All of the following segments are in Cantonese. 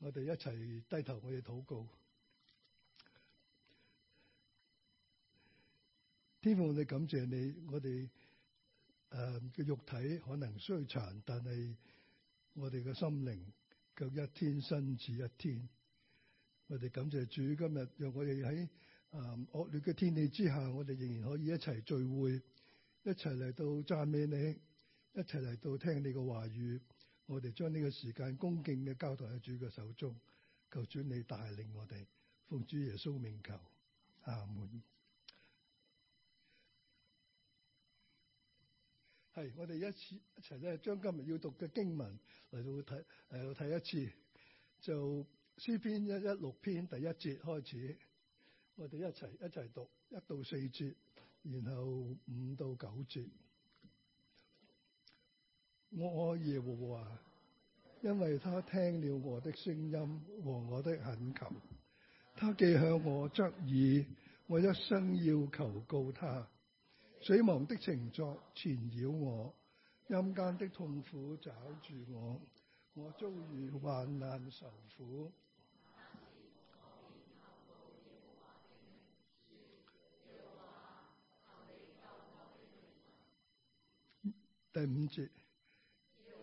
我哋一齊低頭，我哋禱告。天父，我哋感謝你，我哋誒嘅肉體可能衰殘，但係我哋嘅心靈，卻一天新似一天。我哋感謝主今，今日讓我哋喺誒惡劣嘅天氣之下，我哋仍然可以一齊聚會，一齊嚟到讚美你，一齊嚟到聽你嘅話語。我哋將呢個時間恭敬嘅交代喺主嘅手中，求主你帶領我哋，奉主耶穌名求阿們！係，我哋一次一齊咧，將今日要讀嘅經文嚟到睇，嚟到睇一次，就詩篇一一六篇第一節開始，我哋一齊一齊讀一到四節，然後五到九節，我愛耶和華。因為他聽了我的聲音和我的懇求，他既向我側耳，我一生要求告他。死亡的繩索纏繞我，陰間的痛苦抓住我，我遭遇患難愁苦。第五節。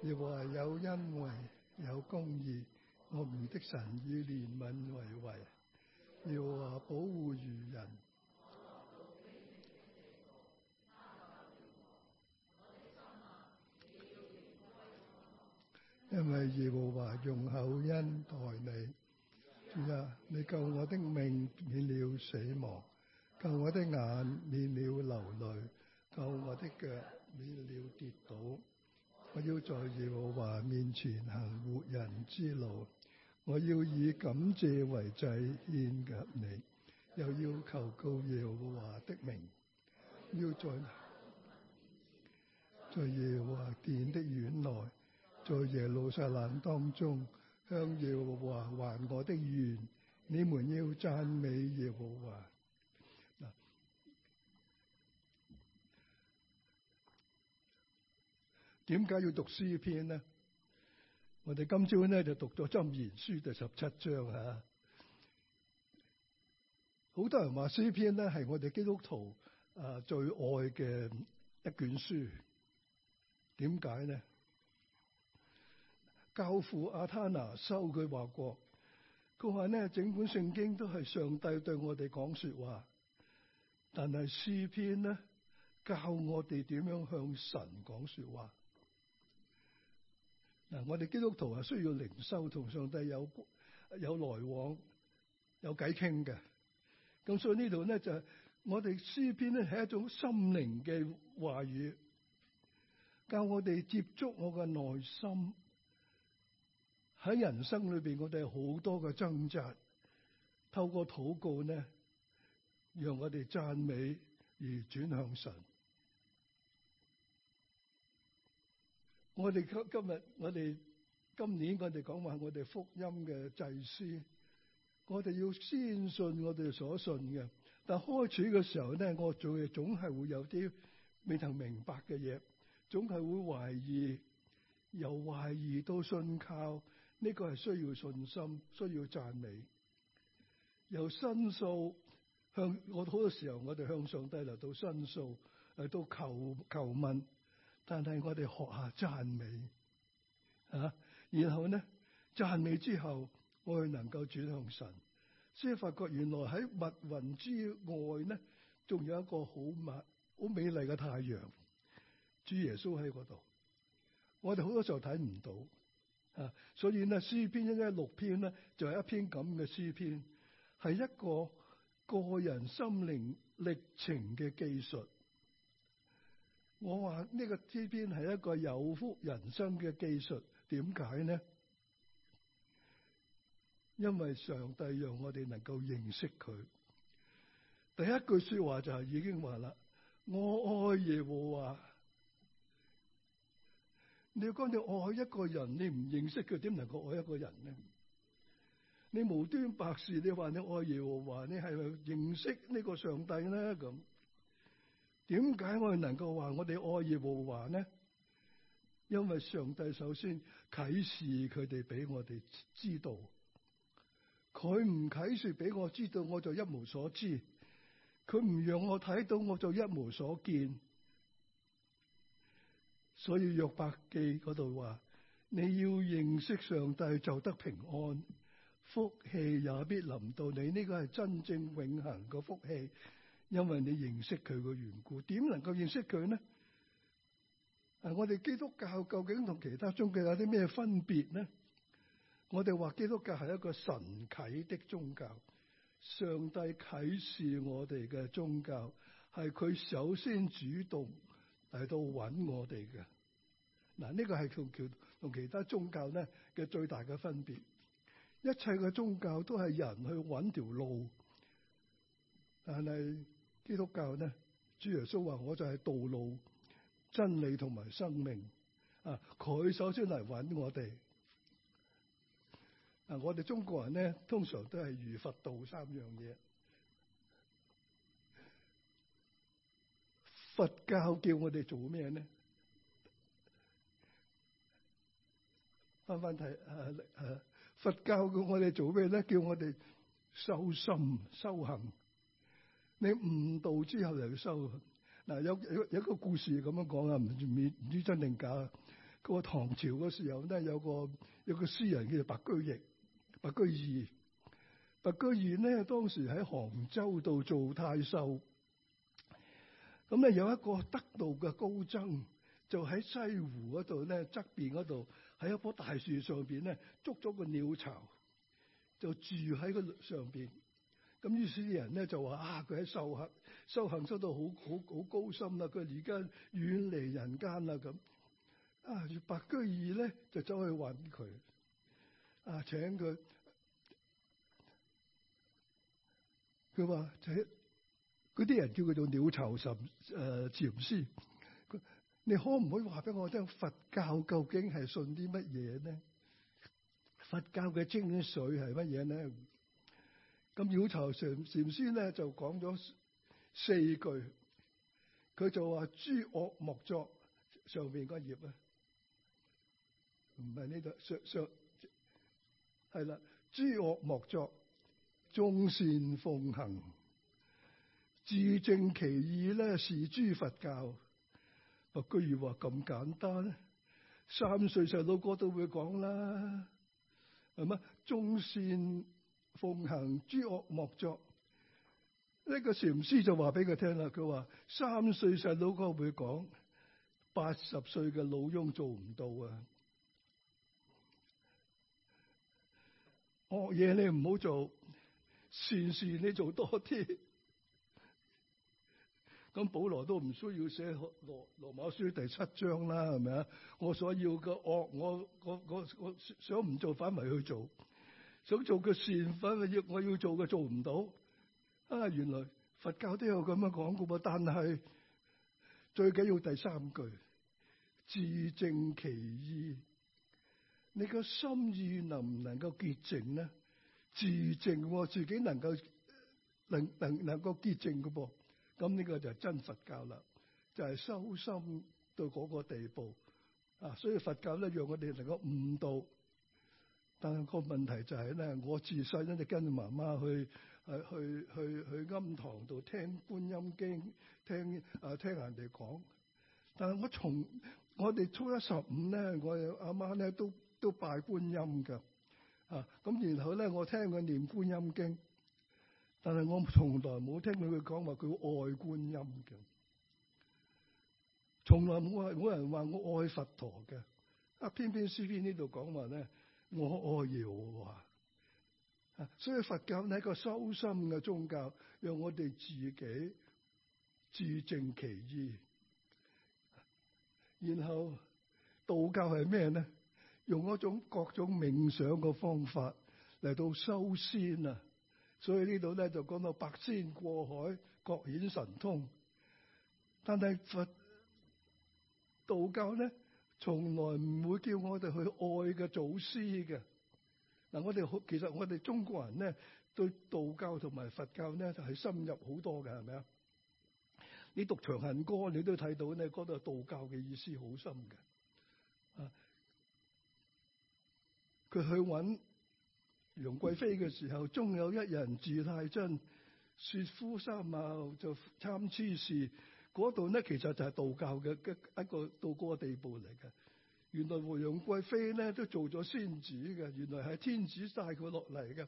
耶和華有恩惠，有公義，我們的神以憐憫為為懷。耶和華保護愚人，因為耶和華用厚恩待你。主啊，你救我的命免了死亡，救我的眼免了流淚，救我的腳免了跌倒。我要在耶和華面前行活人之路，我要以感謝為祭獻給你，又要求告耶和華的名。要在在耶和華殿的院內，在耶路撒冷當中，向耶和華還我的願。你們要贊美耶和華。點解要讀詩篇呢？我哋今朝咧，就讀咗《箴言書》第十七章吓。好多人話詩篇咧係我哋基督徒誒最愛嘅一卷書。點解呢？教父阿他那修佢話過，佢話咧整本聖經都係上帝對我哋講說話，但係詩篇呢，教我哋點樣向神講說話。嗱，我哋基督徒啊需要靈修，同上帝有有來往，有偈傾嘅。咁所以呢度咧就係我哋詩篇咧係一種心靈嘅話語，教我哋接觸我嘅內心。喺人生裏邊，我哋好多嘅掙扎，透過禱告咧，讓我哋讚美而轉向神。我哋今日，我哋今年我哋講話我哋福音嘅祭司，我哋要先信我哋所信嘅。但開始嘅時候咧，我做嘢總係會有啲未曾明白嘅嘢，總係會懷疑，由懷疑到信靠，呢個係需要信心，需要讚美，由申訴向我好多時候我哋向上帝嚟到申訴，誒，到求求問。但係我哋學下讚美，吓、啊，然後咧讚美之後，我哋能夠轉向神，所以發覺原來喺密雲之外咧，仲有一個好密、好美麗嘅太陽，主耶穌喺嗰度。我哋好多時候睇唔到，啊，所以咧詩篇一一六篇咧就係、是、一篇咁嘅詩篇，係一個個人心靈歷程嘅記述。我話呢個支邊係一個有福人生嘅技術，點解呢？因為上帝讓我哋能夠認識佢。第一句說話就係已經話啦：，我愛耶和華。你要講你愛一個人，你唔認識佢，點能夠愛一個人呢？你無端白事，你話你愛耶和華，你係咪認識呢個上帝呢？咁？點解我哋能夠話我哋愛而無話呢？因為上帝首先啟示佢哋俾我哋知道，佢唔啟示俾我知道，我就一無所知；佢唔讓我睇到，我就一無所見。所以約伯記嗰度話：你要認識上帝就得平安，福氣也必臨到你。呢個係真正永恆嘅福氣。因為你認識佢嘅緣故，點能夠認識佢呢？啊，我哋基督教究竟同其他宗教有啲咩分別呢？我哋話基督教係一個神啟的宗教，上帝啟示我哋嘅宗教係佢首先主動嚟到揾我哋嘅。嗱，呢個係同同其他宗教咧嘅最大嘅分別。一切嘅宗教都係人去揾條路，但係。基督教呢？主耶穌話：我就係道路、真理同埋生命啊！佢首先嚟揾我哋。啊！我哋中國人呢，通常都係儒佛道三樣嘢。佛教叫我哋做咩呢？翻翻睇啊，啊佛教叫我哋做咩咧？叫我哋修心修行。你悟道之後又要收嗱，有有有個故事咁樣講啊，唔唔知真定假啊。個唐朝嗰時候咧，有個有個詩人叫做白居易，白居易，白居易咧當時喺杭州度做太守，咁咧有一個得道嘅高僧，就喺西湖嗰度咧側邊嗰度，喺一棵大樹上邊咧捉咗個鳥巢，就住喺個上邊。咁於是啲人咧就話啊，佢喺修行，修行修到好好好高深啦，佢而家遠離人間啦咁。啊，白居易咧就走去搵佢，啊請佢。佢話，請嗰啲人叫佢做鳥巢神誒禪師，你可唔可以話俾我聽佛教究竟係信啲乜嘢呢？佛教嘅精髓係乜嘢咧？咁妖巢禪禪師咧就講咗四句，佢就話諸惡莫作，上邊嗰頁啊，唔係呢度上上係啦，諸惡莫作，眾善奉行，自淨其意咧是諸佛教。我居然話咁簡單，三歲細佬哥都會講啦，係咪眾善奉行諸惡莫作，呢個禪師就話俾佢聽啦。佢話：三歲細佬哥會講，八十歲嘅老翁做唔到啊！惡嘢你唔好做，善事你做多啲。咁保羅都唔需要寫羅羅，羅馬書第七章啦，係咪啊？我所要嘅惡，我我我我，我想唔做，反而去做。想做個善品，我要做嘅做唔到啊！原來佛教都有咁樣講噶噃，但係最緊要第三句，自淨其意。你個心意能唔能夠潔淨呢？自淨，自己能夠能能能夠潔淨噶噃？咁呢個就係真佛教啦，就係、是、修心到嗰個地步啊！所以佛教咧，讓我哋能夠悟道。但個問題就係、是、咧，我自細咧就跟住媽媽去去去去去庵堂度聽觀音經，聽啊聽人哋講。但係我從我哋初一十五咧，我阿媽咧都都拜觀音嘅，啊咁然後咧我聽佢念觀音經，但係我從來冇聽到佢講話佢愛觀音嘅，從來冇冇人話我愛佛陀嘅。啊，偏偏書篇說說呢度講話咧。我愛搖啊，所以佛教係一個修心嘅宗教，讓我哋自己自正其意。然後道教係咩呢？用一種各種冥想嘅方法嚟到修仙啊！所以這裡呢度咧就講到八仙過海，各顯神通。但係佛道教呢？從來唔會叫我哋去愛嘅祖師嘅。嗱，我哋好，其實我哋中國人咧對道教同埋佛教咧係深入好多嘅，係咪啊？你讀《長恨歌》你看，你都睇到咧，嗰度道教嘅意思好深嘅。啊，佢去揾楊貴妃嘅時候，中 有一人字太真，雪膚三貌就參差是。嗰度呢，其實就係道教嘅一個個到嗰個地步嚟嘅。原來胡楊貴妃呢都做咗仙子嘅，原來係天子帶佢落嚟嘅。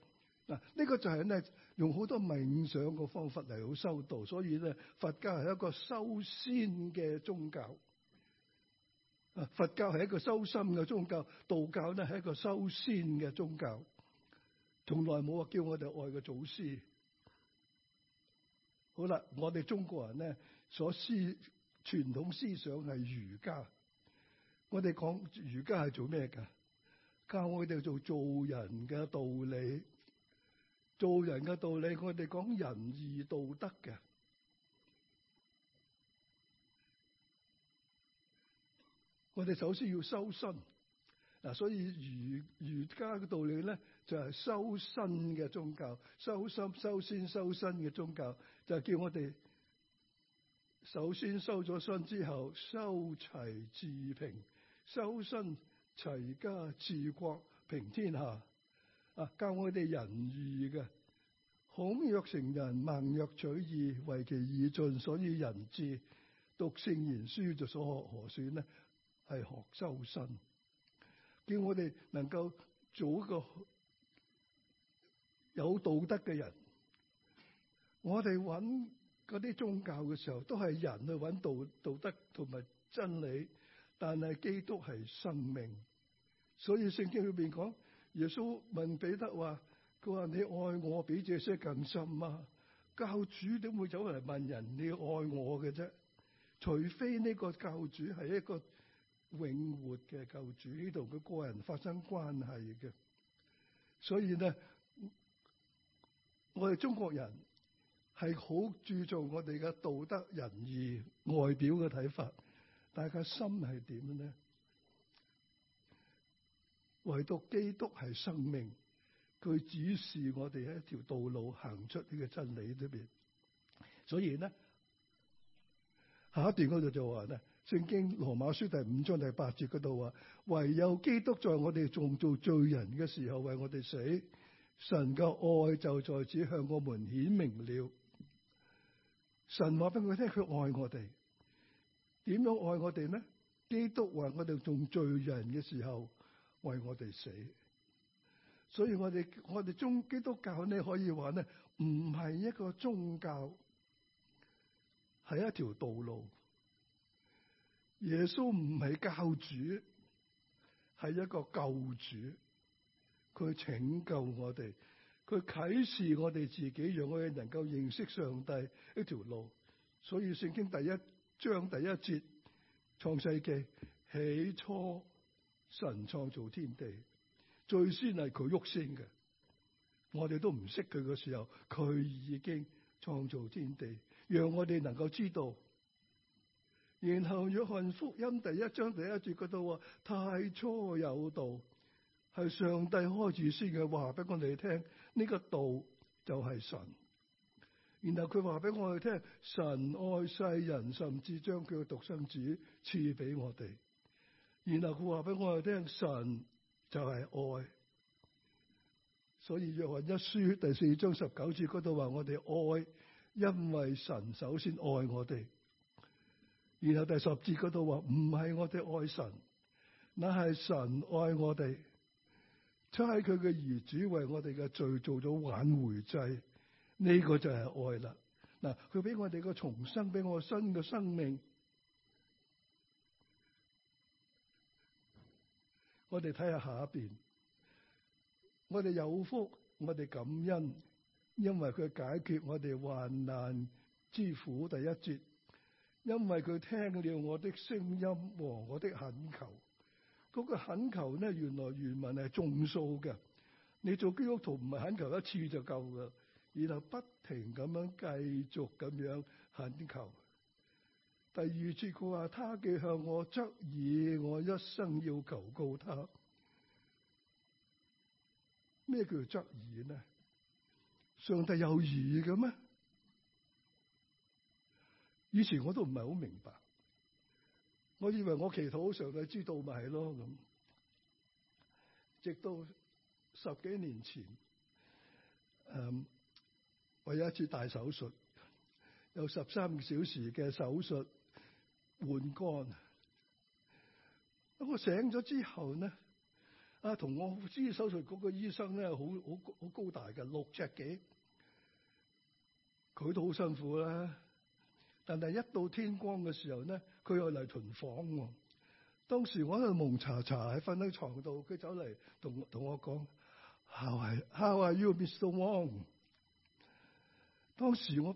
嗱，呢個就係呢用好多冥想嘅方法嚟好修道，所以呢佛教係一個修仙嘅宗教。啊，佛教係一個修心嘅宗教，道教呢係一個修仙嘅宗教。從來冇話叫我哋愛個祖師。好啦，我哋中國人呢？所思傳統思想係儒家，我哋講儒家係做咩㗎？教我哋做做人嘅道理，做人嘅道理，我哋講仁義道德嘅。我哋首先要修身，嗱，所以儒儒家嘅道理咧，就係、是、修身嘅宗教，修身修身修身嘅宗教，就係叫我哋。首先修咗身之後，修齊治平，修身齊家治國平天下。啊，教我哋仁義嘅，孔曰成仁，孟曰取義，惟其義盡，所以仁至。讀聖賢書就所學何選呢？係學修身，叫我哋能夠做一個有道德嘅人。我哋揾。嗰啲宗教嘅時候都係人去揾道道德同埋真理，但係基督係生命，所以聖經裏邊講耶穌問彼得話：佢話你愛我比這些更深啊，教主點會走嚟問人你愛我嘅啫？除非呢個教主係一個永活嘅教主，呢度佢個人發生關係嘅，所以咧我哋中國人。係好注重我哋嘅道德仁義外表嘅睇法，大家心係點樣呢？唯獨基督係生命，佢指示我哋喺一條道路，行出呢個真理裏邊。所以呢，下一段嗰度就話咧，聖經羅馬書第五章第八節嗰度話：唯有基督在我哋仲做罪人嘅時候為我哋死，神嘅愛就在此向我們顯明了。神話俾佢聽，佢愛我哋，點樣愛我哋呢？基督話我哋仲罪人嘅時候，為我哋死，所以我哋我哋，中基督教你可以話呢，唔係一個宗教，係一條道路。耶穌唔係教主，係一個救主，佢拯救我哋。佢啟示我哋自己，讓我哋能夠認識上帝一條路。所以聖經第一章第一節《創世記》起初神創造天地，最先係佢喐先嘅。我哋都唔識佢嘅時候，佢已經創造天地，讓我哋能夠知道。然後約翰福音第一章第一節佢度話：太初有道，係上帝開始先嘅話，俾我哋聽。呢個道就係神，然後佢話俾我哋聽，神愛世人，甚至將佢嘅獨生子賜俾我哋。然後佢話俾我哋聽，神就係愛。所以約翰一書第四章十九節嗰度話，我哋愛，因為神首先愛我哋。然後第十節嗰度話，唔係我哋愛神，乃係神愛我哋。差喺佢嘅兒子為我哋嘅罪做咗挽回祭，呢個就係愛啦。嗱，佢俾我哋個重生，俾我新嘅生命。我哋睇下下一邊，我哋有福，我哋感恩，因為佢解決我哋患難之苦。第一節，因為佢聽了我的聲音和我的懇求。嗰個懇求呢，原來原文係眾數嘅。你做基督徒唔係懇求一次就夠嘅，然後不停咁樣繼續咁樣懇求。第二節，佢話：他既向我側耳，我一生要求告他。咩叫做側耳呢？上帝有耳嘅咩？以前我都唔係好明白。我以為我祈禱上帝知道咪咯，咁，直到十幾年前，誒、嗯，為有一次大手術，有十三個小時嘅手術換肝。我醒咗之後咧，啊，同我做手術嗰個醫生咧，好好好高大嘅六尺幾，佢都好辛苦啦。但係一到天光嘅時候咧。佢又嚟巡房喎，當時我喺度蒙查查喺瞓喺床度，佢走嚟同同我講：How are you, Mr. Wong？當時我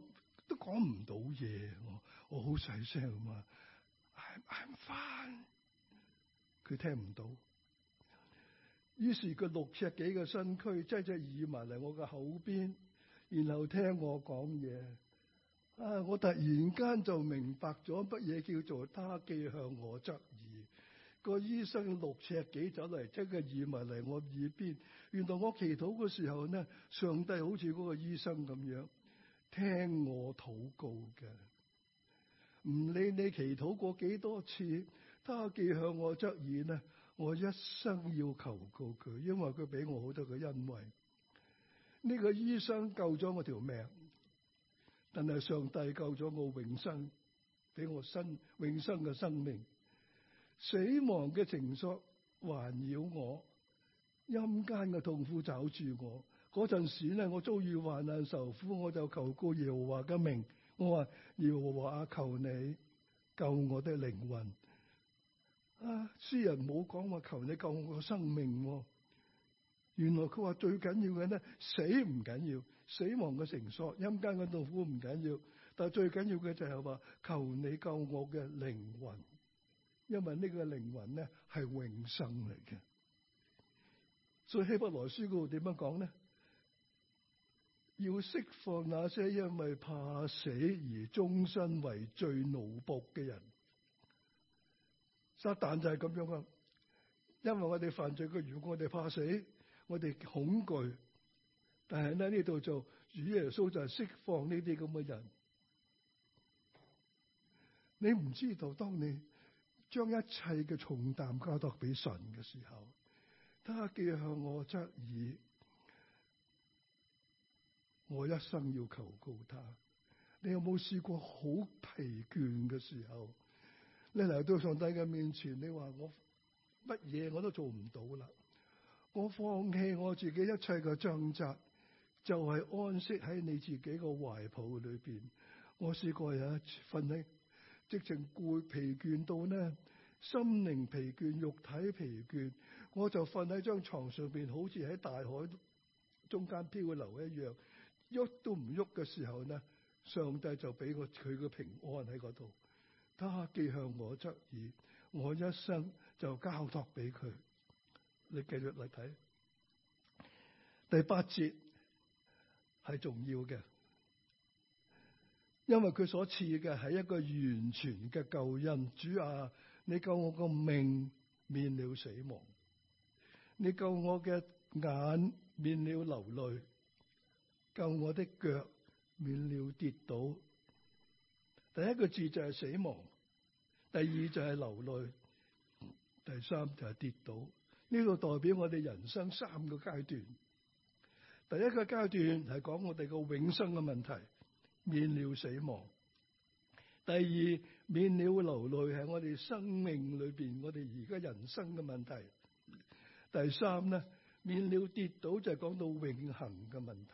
都講唔到嘢，我我好細聲啊，I'm I'm fine。佢聽唔到，於是佢六尺幾嘅身軀擠隻耳埋嚟我嘅口邊，然後聽我講嘢。啊！我突然間就明白咗乜嘢叫做他既向我側耳。個醫生六尺幾走嚟，即佢移埋嚟我耳邊。原來我祈禱嘅時候呢，上帝好似嗰個醫生咁樣聽我禱告嘅。唔理你祈禱過幾多次，他既向我側耳呢，我一生要求告佢，因為佢俾我好多嘅恩惠。呢個醫生救咗我條命。但係上帝救咗我永生，俾我生永生嘅生命。死亡嘅繩索環繞我，陰間嘅痛苦找住我。嗰陣時咧，我遭遇患難愁苦，我就求告耶和華嘅名，我話耶和華啊，求你救我的靈魂。啊，詩人冇講話求你救我嘅生命。原來佢話最緊要嘅咧，死唔緊要，死亡嘅繩索、陰間嘅痛苦唔緊要，但係最緊要嘅就係話求你救我嘅靈魂，因為呢個靈魂咧係永生嚟嘅。所以希伯來書嗰度點樣講咧？要釋放那些因為怕死而終身為罪奴僕嘅人，撒旦就係咁樣啊！因為我哋犯罪嘅，如果我哋怕死。我哋恐懼，但係咧呢度就主耶穌就係釋放呢啲咁嘅人。你唔知道，當你將一切嘅重擔交託俾神嘅時候，他既向我側耳，我一生要求告他。你有冇試過好疲倦嘅時候，你嚟到上帝嘅面前，你話我乜嘢我都做唔到啦？我放棄我自己一切嘅掙扎，就係、是、安息喺你自己個懷抱裏邊。我試過有一次瞓喺，直情攰疲倦到呢，心靈疲倦、肉體疲倦，我就瞓喺張床上邊，好似喺大海中間漂流一樣，喐都唔喐嘅時候呢，上帝就俾個佢個平安喺嗰度。他、啊、既向我側耳，我一生就交託俾佢。你繼續嚟睇，第八節係重要嘅，因為佢所賜嘅係一個完全嘅救恩。主啊，你救我個命，免了死亡，你救我嘅眼，免了流淚，救我的腳，免了跌倒。第一個字就係死亡，第二就係流淚，第三就係跌倒。呢個代表我哋人生三個階段。第一個階段係講我哋個永生嘅問題，免了死亡；第二免了流淚，係我哋生命裏邊我哋而家人生嘅問題；第三咧免了跌倒，就係講到永恒嘅問題，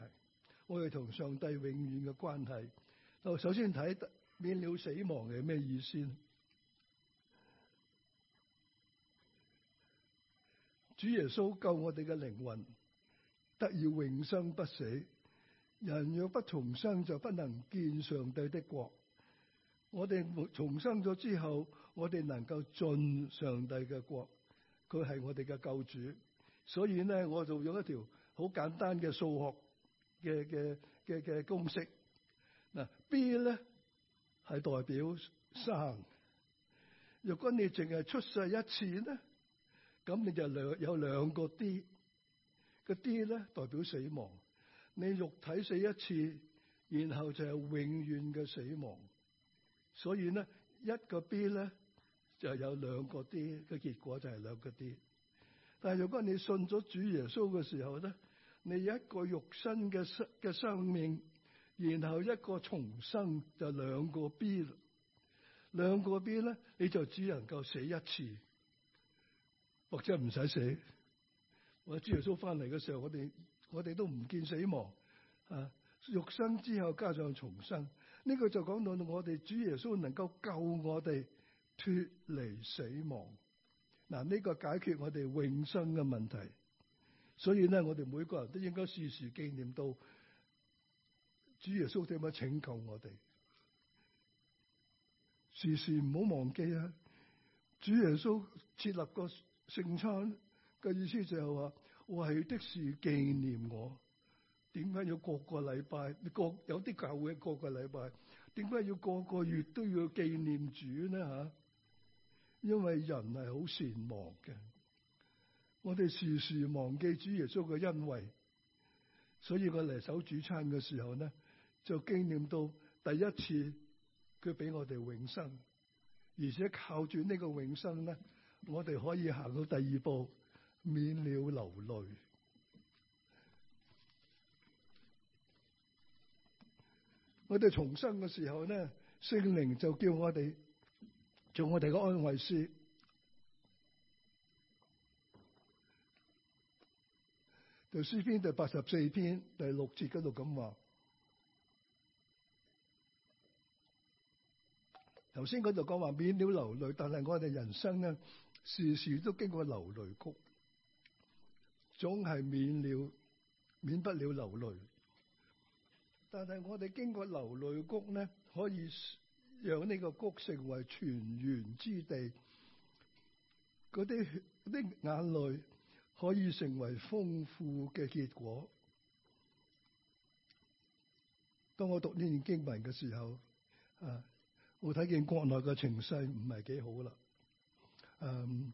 我哋同上帝永遠嘅關係。就首先睇免了死亡係咩意思。主耶穌救我哋嘅靈魂，得以永生不死。人若不重生就不能見上帝的國。我哋重生咗之後，我哋能夠進上帝嘅國。佢係我哋嘅救主。所以咧，我就用一條好簡單嘅數學嘅嘅嘅嘅公式。嗱，B 咧係代表生。如果你淨係出世一次咧？咁你就兩有兩個 D，個 D 咧代表死亡，你肉體死一次，然後就係永遠嘅死亡，所以咧一個 B 咧就有兩個 D，嘅結果就係兩個 D。但係如果你信咗主耶穌嘅時候咧，你一個肉身嘅生嘅生命，然後一個重生就兩個 B 兩個 B 咧，你就只能夠死一次。或者唔使死，我主耶穌翻嚟嘅時候，我哋我哋都唔見死亡啊！肉身之後加上重生，呢、這個就講到我哋主耶穌能夠救我哋脫離死亡。嗱、啊，呢、這個解決我哋永生嘅問題。所以咧，我哋每個人都應該時時紀念到主耶穌點樣拯救我哋，時時唔好忘記啊！主耶穌設立個。聖餐嘅意思就係話，為的是紀念我。點解要個個禮拜？你各有啲教會個個禮拜，點解要個個月都要紀念主呢？吓，因為人係好善忘嘅，我哋時時忘記主耶穌嘅恩惠，所以佢嚟守主餐嘅時候呢，就紀念到第一次佢俾我哋永生，而且靠住呢個永生咧。我哋可以行到第二步，免了流淚。我哋重生嘅時候呢，聖靈就叫我哋做我哋嘅安慰師。就詩篇第八十四篇第六節嗰度咁話，頭先嗰度講話免了流淚，但係我哋人生呢時時都經過流淚谷，總係免了、免不了流淚。但係我哋經過流淚谷咧，可以讓呢個谷成為泉源之地，嗰啲、啲眼淚可以成為豐富嘅結果。當我讀呢段經文嘅時候，啊，我睇見國內嘅情勢唔係幾好啦。Um,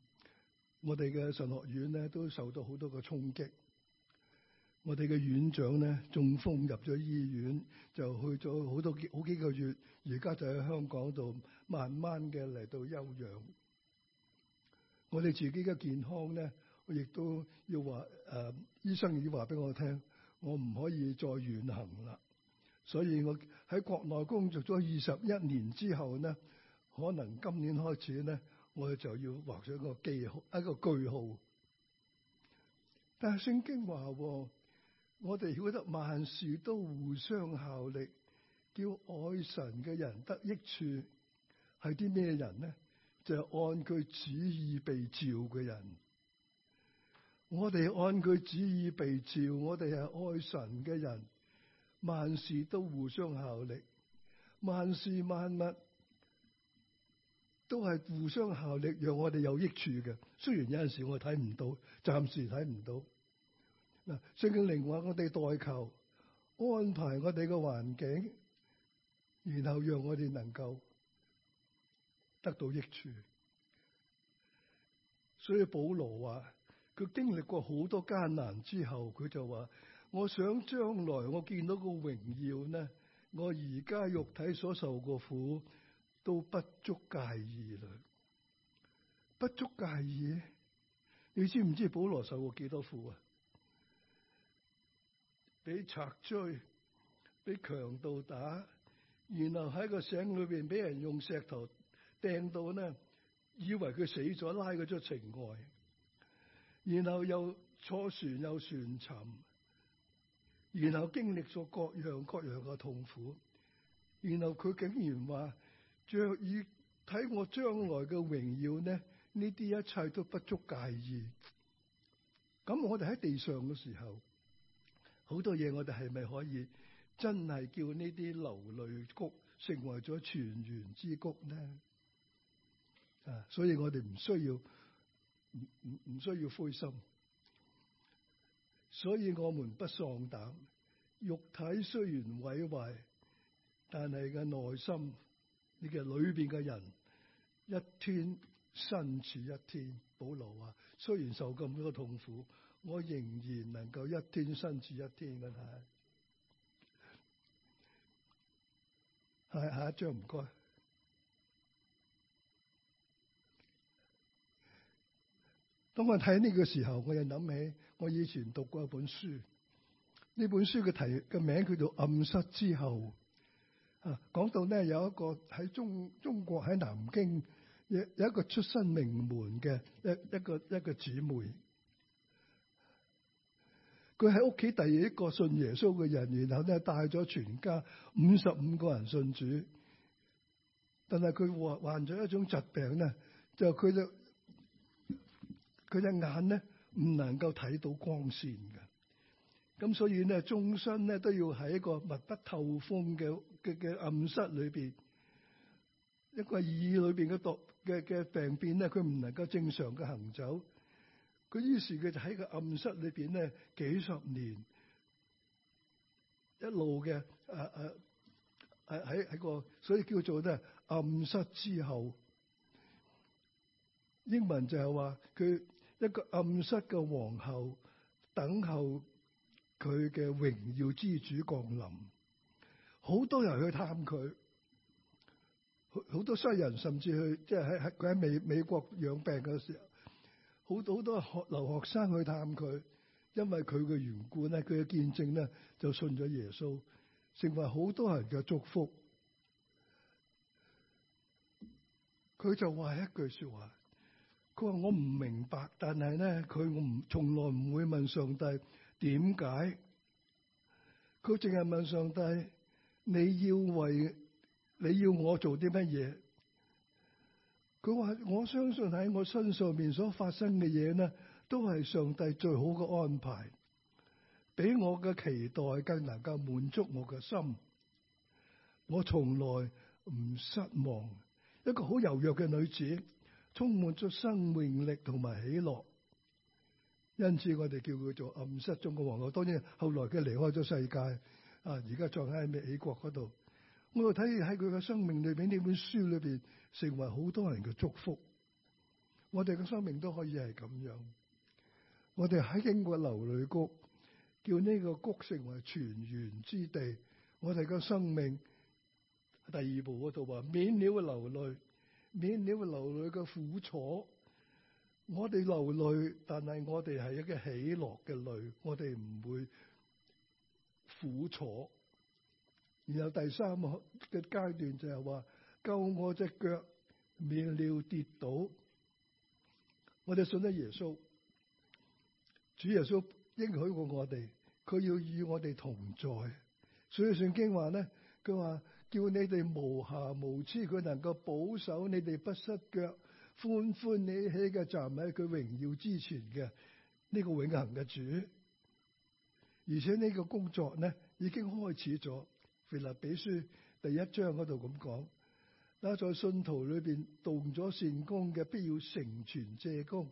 我哋嘅神學院咧，都受到好多嘅衝擊。我哋嘅院長咧，中風入咗醫院，就去咗好多幾好幾個月，而家就喺香港度慢慢嘅嚟到休養。我哋自己嘅健康咧，我亦都要話誒、呃，醫生已經話俾我聽，我唔可以再遠行啦。所以我喺國內工作咗二十一年之後呢，可能今年開始咧。我就要畫上一個記號，一個句號。但係聖經話，我哋曉得萬事都互相效力，叫愛神嘅人得益處，係啲咩人呢？就係、是、按佢旨意被召嘅人。我哋按佢旨意被召，我哋係愛神嘅人，萬事都互相效力，萬事萬物。都係互相效力，讓我哋有益處嘅。雖然有陣時我睇唔到，暫時睇唔到。嗱，聖靈話我哋代求，安排我哋嘅環境，然後讓我哋能夠得到益處。所以保羅話，佢經歷過好多艱難之後，佢就話，我想將來我見到個榮耀呢，我而家肉體所受過苦。都不足介意啦，不足介意？你知唔知保羅受過幾多苦啊？俾賊追，俾強盜打，然後喺個井裏邊俾人用石頭掟到呢，以為佢死咗，拉佢出城外，然後又坐船又船沉，然後經歷咗各樣各樣嘅痛苦，然後佢竟然話。若以睇我將來嘅榮耀呢？呢啲一切都不足介意。咁我哋喺地上嘅時候，好多嘢，我哋係咪可以真係叫呢啲流淚谷成為咗全員之谷呢？啊！所以我哋唔需要唔唔需要灰心。所以，我們不喪膽，肉體雖然毀壞，但係嘅內心。呢嘅裏邊嘅人一天新似一天，保羅啊，雖然受咁多痛苦，我仍然能夠一天新似一天嘅啦。係下一張唔該。當我睇呢個時候，我又諗起我以前讀過一本書，呢本書嘅題嘅名字叫做《暗室之後》。啊，講到咧有一個喺中中國喺南京有有一個出身名門嘅一一個一個，一個姊妹，佢喺屋企第二一個信耶穌嘅人，然後咧帶咗全家五十五個人信主，但係佢患患咗一種疾病咧，就佢隻佢隻眼咧唔能夠睇到光綫嘅。咁所以咧，終身咧都要喺一個密不透風嘅嘅嘅暗室裏邊，一個耳裏邊嘅毒嘅嘅病變咧，佢唔能夠正常嘅行走。佢於是佢就喺個暗室裏邊咧，幾十年一路嘅誒誒誒喺喺個，所以叫做咧暗室之后，英文就係話佢一個暗室嘅皇后等候，佢嘅榮耀之主降臨，好多人去探佢，好多西人甚至去即係喺喺佢喺美美國養病嗰時候，好多好多學留學生去探佢，因為佢嘅緣故咧，佢嘅見證咧就信咗耶穌，成為好多人嘅祝福。佢就話一句說話，佢話我唔明白，但係咧佢我唔從來唔會問上帝。點解佢淨係問上帝，你要為你要我做啲乜嘢？佢話我相信喺我身上面所發生嘅嘢呢，都係上帝最好嘅安排，比我嘅期待更能夠滿足我嘅心。我從來唔失望。一個好柔弱嘅女子，充滿咗生命力同埋喜樂。因此我哋叫佢做暗室中嘅王后。當然後來佢離開咗世界，啊，而家葬喺美國嗰度。我睇喺佢嘅生命裏邊呢本書裏邊，成為好多人嘅祝福。我哋嘅生命都可以係咁樣。我哋喺英國流淚谷，叫呢個谷成為泉源之地。我哋嘅生命第二部嗰度話免了流淚，免了流淚嘅苦楚。我哋流淚，但係我哋係一個喜樂嘅淚，我哋唔會苦楚。然後第三個嘅階段就係話救我隻腳免了跌倒，我哋信得耶穌，主耶穌應許過我哋，佢要與我哋同在。所以聖經話咧，佢話叫你哋無瑕無疵，佢能夠保守你哋不失腳。歡歡喜喜嘅站喺佢榮耀之前嘅呢、這個永恒嘅主，而且呢個工作呢已經開始咗。腓立比書第一章嗰度咁講，嗱，在信徒裏邊動咗善功嘅，必要成全借功，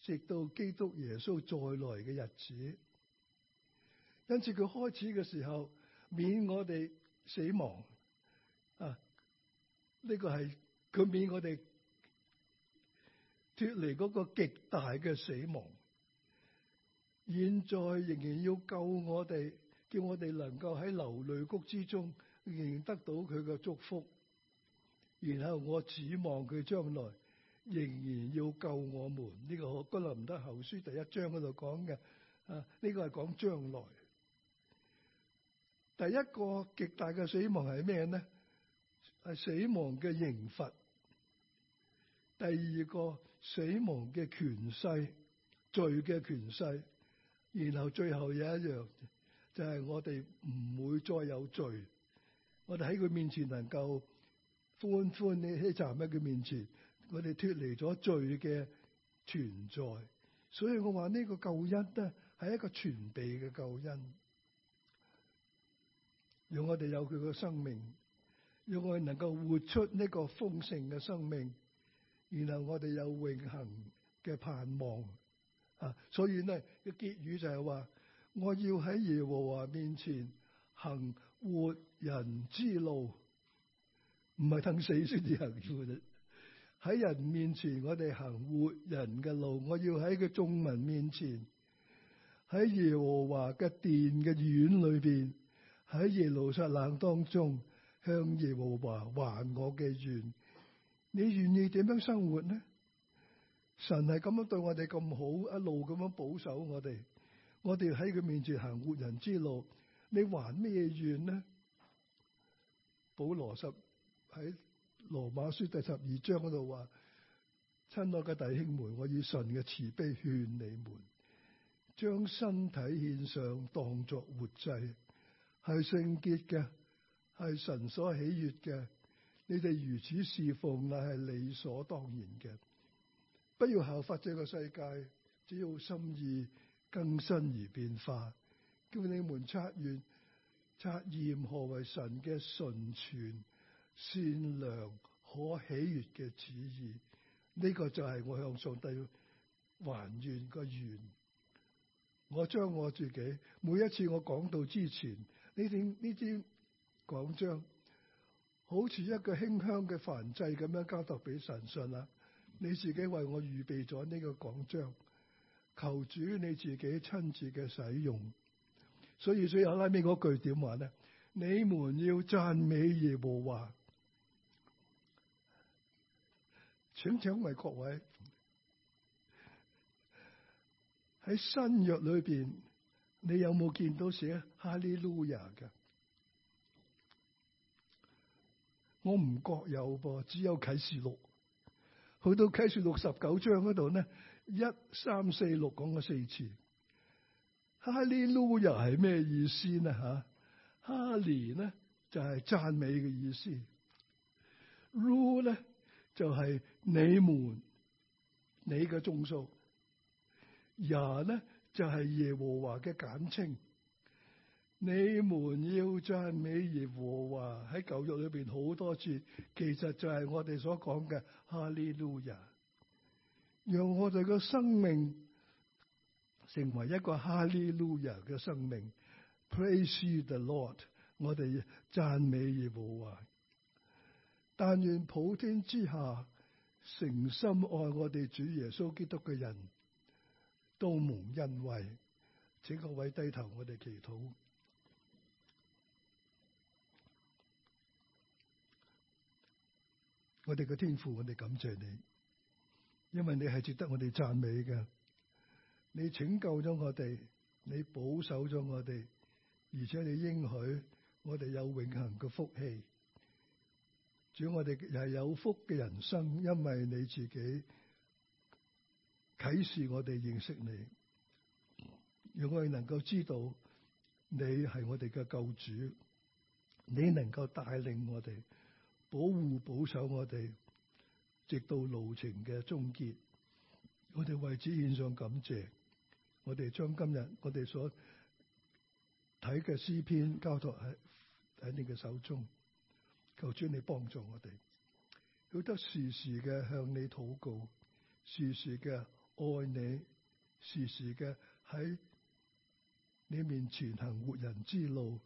直到基督耶穌再來嘅日子。因此佢開始嘅時候，免我哋死亡啊！呢、這個係佢免我哋。脫離嗰個極大嘅死亡，現在仍然要救我哋，叫我哋能夠喺流淚谷之中仍然得到佢嘅祝福。然後我指望佢將來仍然要救我們。呢個《哥林多後書》第一章嗰度講嘅，啊，呢個係講將來。第一個極大嘅死亡係咩呢？係死亡嘅刑罰。第二個。死亡嘅權勢、罪嘅權勢，然後最後有一樣，就係、是、我哋唔會再有罪。我哋喺佢面前能夠歡歡喜喜站喺佢面前，我哋脫離咗罪嘅存在。所以我話呢個救恩咧，係一個傳遞嘅救恩，讓我哋有佢嘅生命，讓我哋能夠活出呢個豐盛嘅生命。然後我哋有永恆嘅盼望啊，所以咧，個結語就係話，我要喺耶和華面前行活人之路，唔係等死先至行住嘅啫。喺人面前，我哋行活人嘅路。我要喺個眾民面前，喺耶和華嘅殿嘅院裏邊，喺耶路撒冷當中，向耶和華還我嘅願。你願意點樣生活呢？神係咁樣對我哋咁好，一路咁樣保守我哋，我哋喺佢面前行活人之路，你還咩怨呢？保羅十喺羅馬書第十二章嗰度話：親愛嘅弟兄們，我以神嘅慈悲勸你們，將身體獻上，當作活祭，係聖潔嘅，係神所喜悅嘅。你哋如此侍奉，乃係理所當然嘅。不要效法這個世界，只要心意更新而變化，叫你們察驗察驗何為神嘅純全、善良可喜悦嘅旨意。呢、這個就係我向上帝還願個願。我將我自己每一次我講道之前，呢點呢啲講章，好似一個馨香嘅焚祭咁樣交託俾神信啦，你自己為我預備咗呢個講章，求主你自己親自嘅使用。所以最後拉尾嗰句點話咧？你們要讚美耶和華，請請為各位喺新約裏邊，你有冇見到寫哈利路亞嘅？我唔覺有噃，只有啟示錄。去到啟示錄十九章嗰度呢，一三四六講咗四次。哈利路亞係咩意思呢？嚇，哈利呢就係、是、讚美嘅意思，路呢就係、是、你們，你嘅眾數，亞呢就係、是、耶和華嘅簡稱。你們要讚美耶和華喺舊約裏邊好多處，其實就係我哋所講嘅哈利路亞。讓我哋嘅生命成為一個哈利路亞嘅生命。Praise you the Lord，我哋讚美耶和華。但願普天之下誠心愛我哋主耶穌基督嘅人都蒙恩惠。請各位低頭我們，我哋祈禱。我哋嘅天父，我哋感謝你，因為你係值得我哋讚美嘅。你拯救咗我哋，你保守咗我哋，而且你應許我哋有永恒嘅福氣，主我哋係有福嘅人生，因為你自己啟示我哋認識你，讓我哋能夠知道你係我哋嘅救主，你能夠帶領我哋。保護保守我哋，直到路程嘅終結。我哋為此獻上感謝。我哋將今日我哋所睇嘅詩篇交託喺喺你嘅手中。求主你幫助我哋，曉得時時嘅向你禱告，時時嘅愛你，時時嘅喺你面前行活人之路，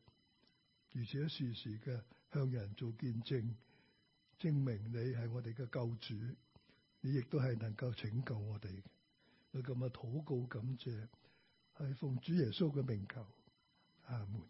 而且時時嘅向人做見證。證明你係我哋嘅救主，你亦都係能夠拯救我哋嘅。咁啊，禱告感謝，係奉主耶穌嘅名求，阿門。